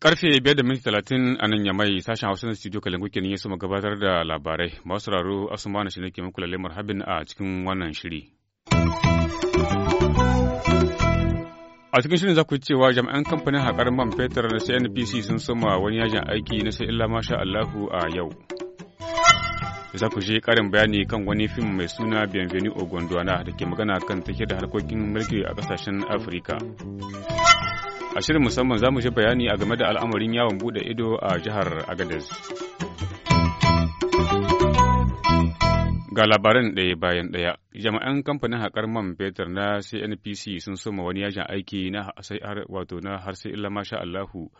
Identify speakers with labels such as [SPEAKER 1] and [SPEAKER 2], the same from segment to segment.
[SPEAKER 1] Karfe biyar da minti talatin a nan yamai sashen Hausa na studio Kalangu kenan ya suma gabatar da labarai. Masu raro Asuma na shi ne ke muku lalle marhabin a cikin wannan shiri. A cikin shirin za ku cewa jami'an kamfanin haƙar man fetur na CNPC sun soma wani yajin aiki na sai illa masha Allahu a yau. Za ku je ƙarin bayani kan wani fim mai suna Bienvenue au Gondwana da ke magana kan take da harkokin mulki a kasashen Afirka. A shirin musamman za mu je bayani a game da al'amarin yawon buɗe ido a jihar Agadez. Ga labaran ɗaya bayan ɗaya, jama'an kamfanin haƙar man fetur na CNPC sun soma wani yajin aiki na wato na har sai illa masha Allahu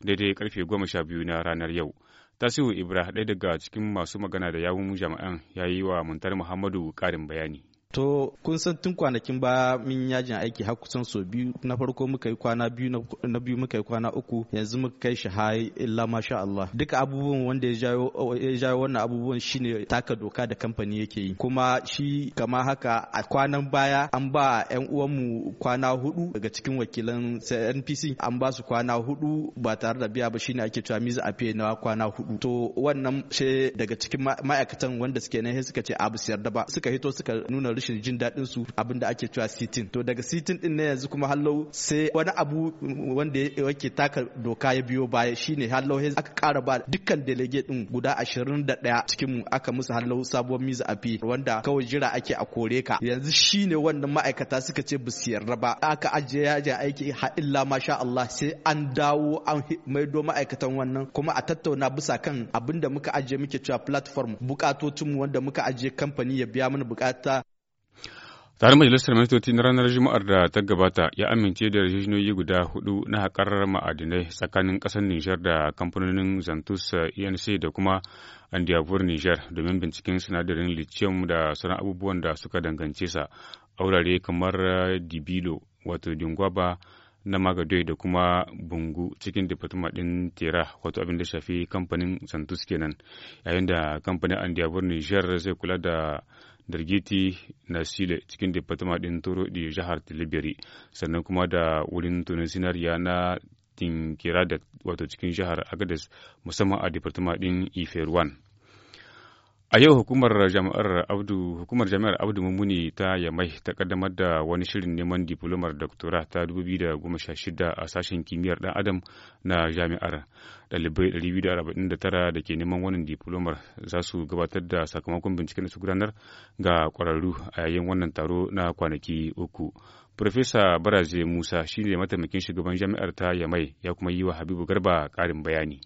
[SPEAKER 1] daidai karfe goma sha biyu na ranar yau. Tasiru Ibrahim ɗaya daga cikin masu magana da yawun jama'an ya yi wa Muntar Muhammadu ƙarin bayani.
[SPEAKER 2] To kun san tun kwanakin ba min yajin aiki har kusan so biyu na farko muka yi kwana biyu na biyu muka yi kwana uku yanzu muka kai shi har illa masha Allah duka abubuwan wanda ya jayo ya jawo wannan abubuwan shine taka doka da kamfani yake yi kuma shi kama haka a kwanan baya an ba yan uwanmu kwana hudu daga cikin wakilan NPC an ba su kwana hudu ba tare da biya ba shine ake cewa miza a na kwana hudu to wannan she daga cikin ma'aikatan wanda suke nan suka ce abu siyar da ba suka hito suka nuna rashin jin daɗin su abin da ake cewa sitin to daga sitin din ne yanzu kuma hallo sai wani abu mm, wanda yake taka doka ya biyo baya shine hallo aka kara ba dukkan delegate din guda 21 cikin mu aka musu hallo sabuwar miza afi wanda kawai jira ake a kore ka yanzu shine wannan ma'aikata suka ce bu yarda ba aka ajiye yajin aiki ha illa masha Allah sai an dawo an maido ma'aikatan wannan kuma a tattauna bisa kan abin da muka ajiye muke cewa platform bukatocinmu wanda muka ajiye kamfani ya biya mana bukata
[SPEAKER 1] tare Majalisar Ministoci na ranar Juma'ar da ta gabata ya amince da yarjejeniyoyi guda hudu na haƙar ma'adinai tsakanin ƙasar Nijar da kamfanonin Zantus ENC da kuma andiyabur Nijar domin binciken sinadarin lithium da sauran abubuwan da suka dangance sa a wurare kamar eh, Dibilo wato Dingwaba na Magadoi da kuma Bungu cikin dipatima ɗin Tera wato abin da shafi kamfanin Zantus kenan yayin da kamfanin andiyabur Nijar zai kula da dargiti na sile cikin din ɗin di jihar tilibiri sannan kuma da wurin tunan sinariya na tinkira da wato cikin jihar agades musamman a din ɗin iferwan A yau hukumar jami'ar Abdu hukumar jami'ar Abdu Mumuni ta Yamai ta kaddamar da wani shirin neman diplomar doktora ta 2016 a sashen kimiyyar dan Adam na jami'ar. Ɗalibai 249 da ke neman wannan diplomar za su gabatar da sakamakon binciken da su gudanar ga kwararru a yayin wannan taro na kwanaki uku. Profesa Baraze Musa shine mataimakin shugaban jami'ar ta Yamai ya kuma yi wa Habibu Garba karin bayani.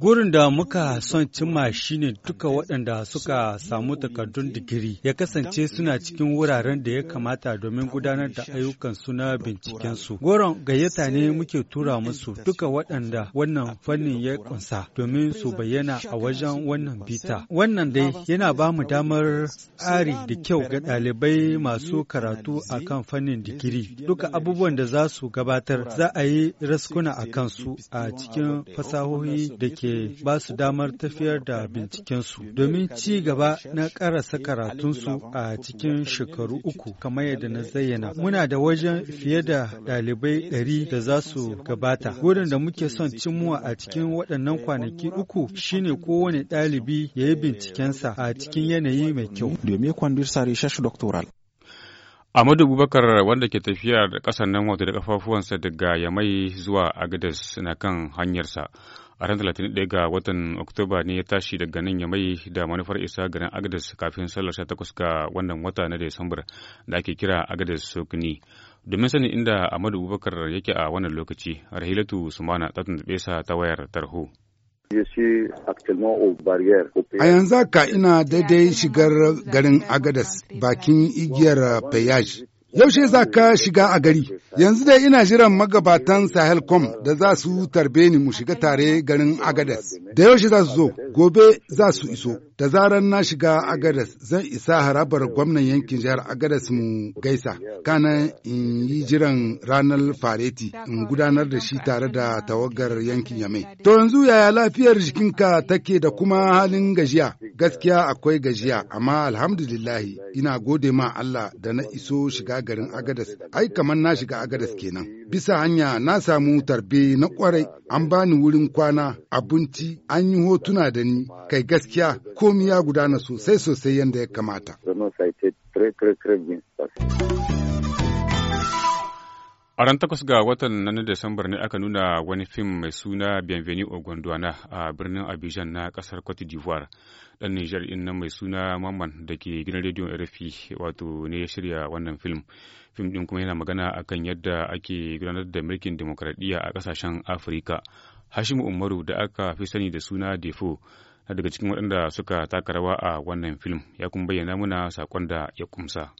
[SPEAKER 3] Gurin da muka son cimma shine duka waɗanda suka samu takardun digiri ya kasance suna cikin wuraren da ya kamata domin gudanar da ayyukansu na bincikensu. Goron gayyata ne muke tura musu duka waɗanda wannan fannin ya kunsa domin su bayyana a wajen wannan bita. Wannan dai yana ba mu damar tsari da kyau ga ɗalibai masu karatu a kan fannin digiri. Duka abubuwan da za su gabatar za a yi raskuna a kansu. a cikin fasahohi da ke ba su damar tafiyar da bincikensu domin ci gaba na karasa karatunsu a cikin shekaru uku kamar yadda na zayyana. Muna da wajen fiye da ɗalibai ɗari da za su gabata. Gurin da muke son cimuwa a cikin waɗannan kwanaki uku shine kowane ɗalibi ya yi bincikensa a cikin yanayi mai kyau. Domin Sare shashi
[SPEAKER 1] Amadu Bubakar wanda ke tafiya da ƙasar nan wato da kafafuwansa daga Yamai zuwa Agadez na kan hanyarsa. A ran 31 ga watan Oktoba ne ya tashi daga nan Yamai da manufar isa garin Agadez kafin sallar takwas ga wannan wata na Desambar da ake kira Agadez Sokni. Domin sanin inda Amadu Bubakar yake a wannan lokaci, Rahilatu Sumana ta tuntuɓe sa ta wayar tarho.
[SPEAKER 4] A yanzu haka ina daidai shigar garin Agadas bakin igiyar Fayaj Yaushe za ka shiga a gari? Yanzu dai ina jiran magabatan Sahelcom da za su tarbe ni mu shiga tare garin Agadas. Da yaushe za su zo, gobe za su iso. Da zaran na shiga Agadas zan isa harabar gwamnan yankin jihar Agadas mu gaisa. Kana in yi jiran ranar fareti in gudanar da shi tare da tawagar yankin Yamai. To yanzu yaya lafiyar jikinka take da kuma halin gajiya? Gaskiya akwai gajiya, amma alhamdulillahi ina gode ma Allah da na iso shiga garin Agadas, ai kamar na shiga Agadas kenan. Bisa hanya na samu tarbe na kwarai, an bani wurin kwana, abinci, an yi hotuna da ni, kai gaskiya komi ya gudana sosai sosai yadda ya kamata.
[SPEAKER 1] A ran takwas ga watan nan Desambar ne aka nuna wani fim mai suna Bienvenue au Gondwana a birnin Abidjan na kasar Cote d'Ivoire. dan Nijar in nan mai suna Mamman da ke gidan rediyon RFI wato ne ya shirya wannan film. Film din kuma yana magana akan yadda ake gudanar da mulkin demokradiyya a kasashen Afirka. Hashimu Umaru da aka fi sani da suna Defo na daga cikin waɗanda suka taka rawa a wannan film ya kuma bayyana muna sakon da ya kumsa.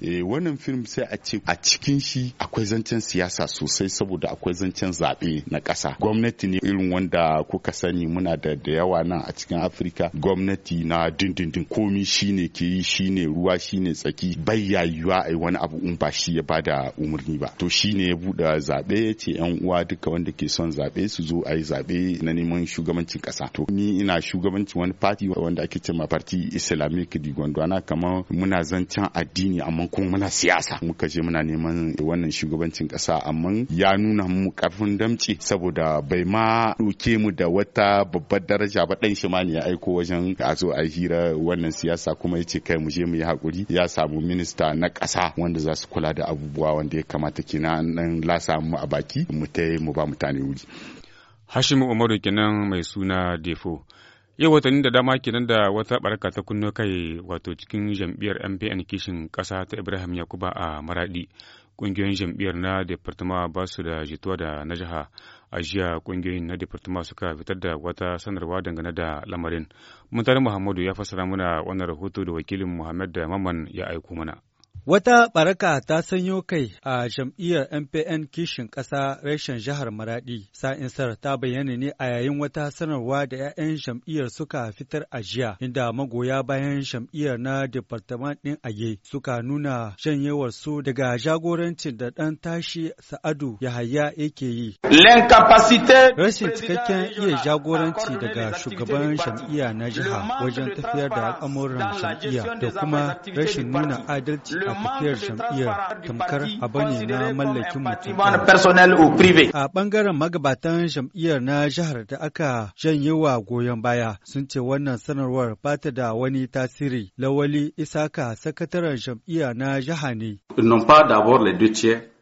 [SPEAKER 1] Eh, wannan film sai a ce a cikin shi akwai zancen siyasa sosai saboda akwai zancen zaɓe na ƙasa gwamnati ne irin wanda kuka sani muna da da yawa nan a cikin afirka gwamnati na dindindin komi shine ke yi shine ruwa shine tsaki bai yayuwa a wani abu in ba shi ya bada umarni ba to shine ya buɗe zaɓe ya ce yan uwa duka wanda ke son zaɓe su zo a yi zaɓe na neman shugabancin kasa. to ni ina shugabanci wani fati wanda ake cewa party islamic di gondwana kamar muna zancen addini amma sannan kuma muna siyasa muka je muna neman wannan shugabancin kasa amma ya nuna mu karfin damci saboda bai ma ɗauke mu da wata babbar daraja ba dan shi ma ne ya aiko wajen a zo a hira wannan siyasa kuma ya ce kai mu je mu yi hakuri ya samu minista na kasa wanda za su kula da abubuwa wanda ya kamata kenan nan lasa mu a baki mu ta mu ba mutane wuri Hashimu Umaru kenan mai suna Defo. yau watanni da dama kenan da wata barka ta kunno kai wato cikin jam'iyyar mpn kishin ƙasa ta ibrahim yakuba a maradi ƙungiyoyin jam'iyyar na departama ba su da jituwa da na jiha a jiya ƙungiyoyin na departama suka fitar da wata sanarwa dangane da lamarin muntari muhammadu ya fassara muna wannan rahoto da wakilin muhammad da maman ya aiko mana
[SPEAKER 3] Wata Baraka ta sanyo kai a jam'iyyar MPN kishin ƙasa reshen jihar Maraɗi. Sa'insar ta bayyana ne a yayin wata sanarwa da 'ya'yan jam'iyyar suka fitar a jiya, inda magoya bayan jam'iyyar na Departement ɗin Aye suka nuna su daga jagorancin da ɗan tashi Sa'adu Yahaya yake yi. Rashin cikakken iya jagoranci daga shugaban jam'iyya na jiha wajen tafiyar da al'amuran jam'iyya da kuma rashin nuna adalci a tafiyar jam'iyyar tamkar abu na mallakin mutum. A bangaren magabatan jam'iyyar na jihar da aka janye wa goyon baya sun ce wannan sanarwar ba ta da wani tasiri. Lawali Isaka sakataren jam'iyya na jiha ne.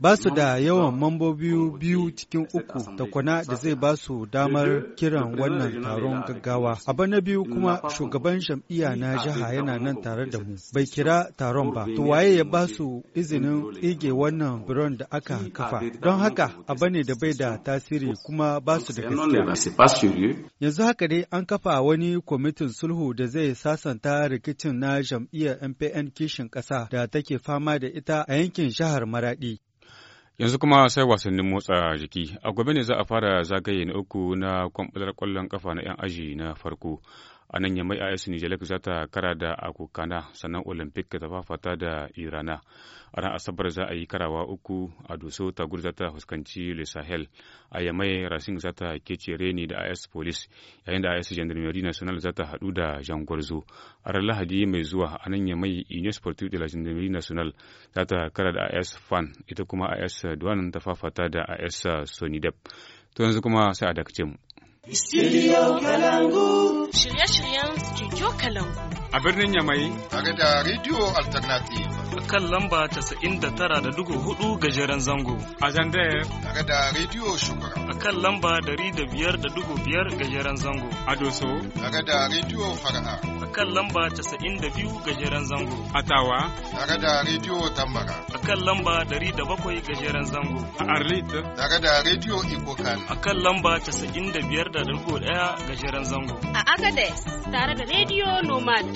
[SPEAKER 3] Ba su da yawan mambobi biyu cikin uku da takwana da zai ba su damar kiran wannan taron gaggawa. Abu na biyu kuma shugaban jam'iyya na jiha yana nan tare da mu. Bai kira taron ba. To waye ya ba su izinin ige wannan biron da aka kafa. Don haka abu ne da bai da tasiri kuma ba su da gaske. Eh, Yanzu haka dai an kafa wani kwamitin sulhu da zai sasanta rikicin na jam'iyyar MPN kishin ƙasa da take fama da ita a yankin jihar Maraɗi.
[SPEAKER 1] Yanzu kuma sai wasannin motsa jiki. A gobe ne za a fara zagaye na uku na kwamfutar kwallon ƙafa na 'yan aji na farko. a nan yamai a yasu nijalek za ta kara da akokana sannan olympic ta fafata da irana a ran asabar za a yi karawa uku a doso tagur za ta fuskanci le sahel a yamai racing za ta kece reni da is police yayin da is gendarmerie national za ta hadu da gwarzo a ran lahadi mai zuwa a nan yamai union sportive de la gendarmerie national za ta kara da is fan ita kuma is duwanan ta fafata da is sonidep to yanzu kuma sai a dakace
[SPEAKER 4] Studio Kalangu. Shirye-shiryen Studio Kalangu.
[SPEAKER 1] a
[SPEAKER 3] birnin Yamai. Tare da Radio Alternative. A kan lamba tara da dugu hudu
[SPEAKER 1] gajeren zango. A
[SPEAKER 3] Zandaya. Tare da Radio Shugura. A kan lamba dari da biyar da biyar gajeren zango.
[SPEAKER 1] A Doso. Tare da
[SPEAKER 3] Radio Fara'a. A kan lamba da biyu gajeren zango. A Tawa. Tare
[SPEAKER 1] da
[SPEAKER 4] Radio Tambara.
[SPEAKER 3] A kan lamba dari da bakwai gajeren zango. A Arlit. Tare da Radio Ibokan A kan lamba da
[SPEAKER 4] biyar da 95.1 gajeren zango.
[SPEAKER 3] A Agades. Tare da Radio Nomad.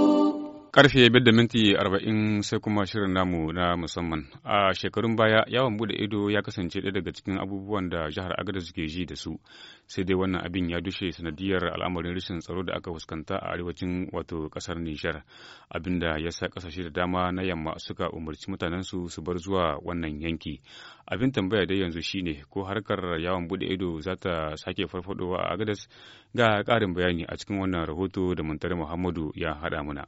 [SPEAKER 1] Karfe da minti arba'in sai kuma shirin namu na musamman. A shekarun baya yawon bude ido ya kasance ɗaya daga cikin abubuwan da jihar agada suke ji da su. Sai dai wannan abin ya dushe sanadiyar al'amarin rashin tsaro da aka fuskanta a arewacin wato kasar Nijar. Abin da ya sa ƙasashe da dama na yamma suka umarci mutanensu su bar zuwa wannan yanki. Abin tambaya dai yanzu shine ko harkar yawon bude ido za ta sake farfadowa a agadas ga ƙarin bayani a cikin wannan rahoto da muntare Muhammadu ya haɗa muna.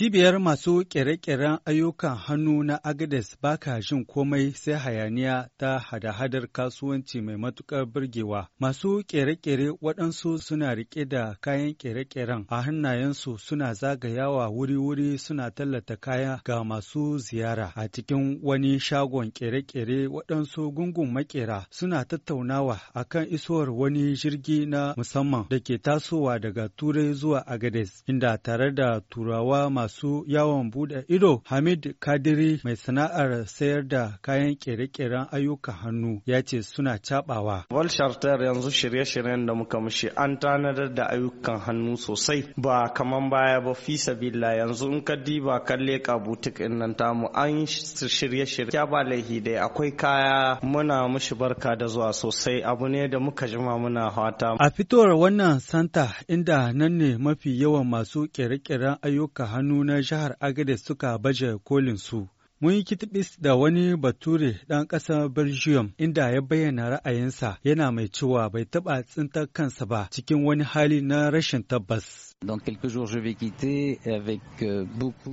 [SPEAKER 3] Cibiyar masu ƙere-ƙeren ayyukan hannu na Agades ba ka jin komai sai hayaniya ta hada-hadar kasuwanci mai matuƙar birgewa. Masu ƙere-ƙere waɗansu suna riƙe da kayan ƙere-ƙeren a hannayensu suna zagayawa wuri-wuri suna tallata kaya ga masu ziyara. A cikin wani shagon ƙere-ƙere waɗansu gungun maƙera suna tattaunawa akan isowar wani jirgi na musamman da ke tasowa daga Turai zuwa Agades, inda tare da Turawa masu masu yawon bude ido Hamid Kadiri mai sana'ar sayar da kayan kere-keren ayyukan hannu ya ce suna cabawa. Wal Shartar yanzu shirye-shiryen da muka mushi an tanadar da ayyukan hannu sosai ba kamar baya ba fi sabila yanzu in ka diba kalle ka butik in nan tamu an shirye-shirye ya ba laihi dai akwai kaya muna mushi barka da zuwa sosai abu ne da muka jima muna hata. A fitowar wannan santa inda nan ne mafi yawan masu kere-keren ayyukan hannu na jihar Agades suka baje kolin su. Mun yi kitibis da wani bature ɗan ƙasar Belgium inda ya bayyana ra'ayinsa yana mai cewa bai taɓa tsintar kansa ba cikin wani hali na rashin tabbas. Euh,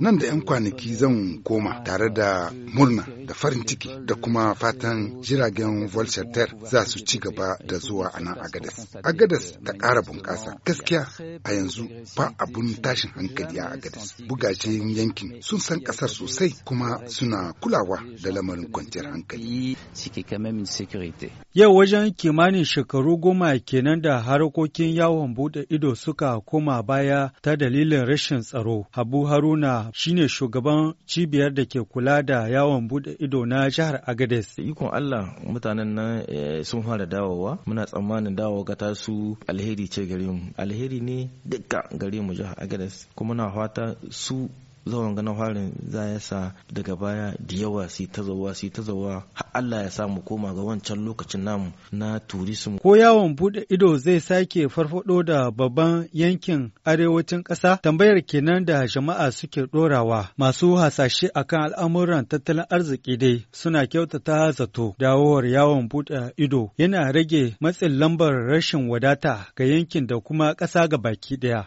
[SPEAKER 4] nan da 'yan kwanaki zan koma tare da murna da farin ciki da kuma fatan jiragen Volshater za su ci gaba da zuwa a nan Agadas. Agadas ta ƙara bunƙasa. Gaskiya a yanzu fa abun tashin hankali a Agadas. Bugajen yankin sun san ƙasar sosai kuma suna kulawa da lamarin kwanciyar hankali.
[SPEAKER 3] Yau wajen kimanin shekaru goma kenan da harkokin yawon buɗe ido suka koma baya. baya ta dalilin rashin tsaro. Habu Haruna shine shugaban cibiyar da ke kula da
[SPEAKER 2] yawon bude ido na jihar Agades. Ikon Allah mutanen nan eh, sun fara dawowa muna tsammanin dawowa ga tasu alheri ce gare mu. Alheri ne dukka gare mu jihar Agades kuma na fata su zaman ganin farin za ya sa daga baya da yawa su ta zawa su ta zawa Allah ya samu koma ga wancan lokacin namu na turism ko
[SPEAKER 3] yawon bude ido zai sake farfado da babban yankin arewacin ƙasa tambayar kenan da jama'a suke dorawa masu hasashe akan al'amuran tattalin arziki dai suna kyautata zato dawowar yawon bude ido yana rage matsin lambar rashin wadata ga yankin da kuma ƙasa ga baki ɗaya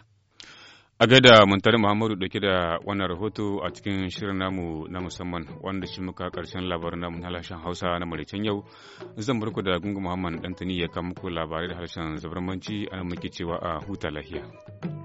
[SPEAKER 1] A gaida Muntari Muhammadu dauke da wannan rahoto a cikin shirin namu na musamman wanda shi muka karshen labarin namu na harshen Hausa na Maricen yau. Zan barku da Gungu Muhammad Dantani ya kama muku labarai da harshen zabarmanci a nan muke cewa a huta lahiya.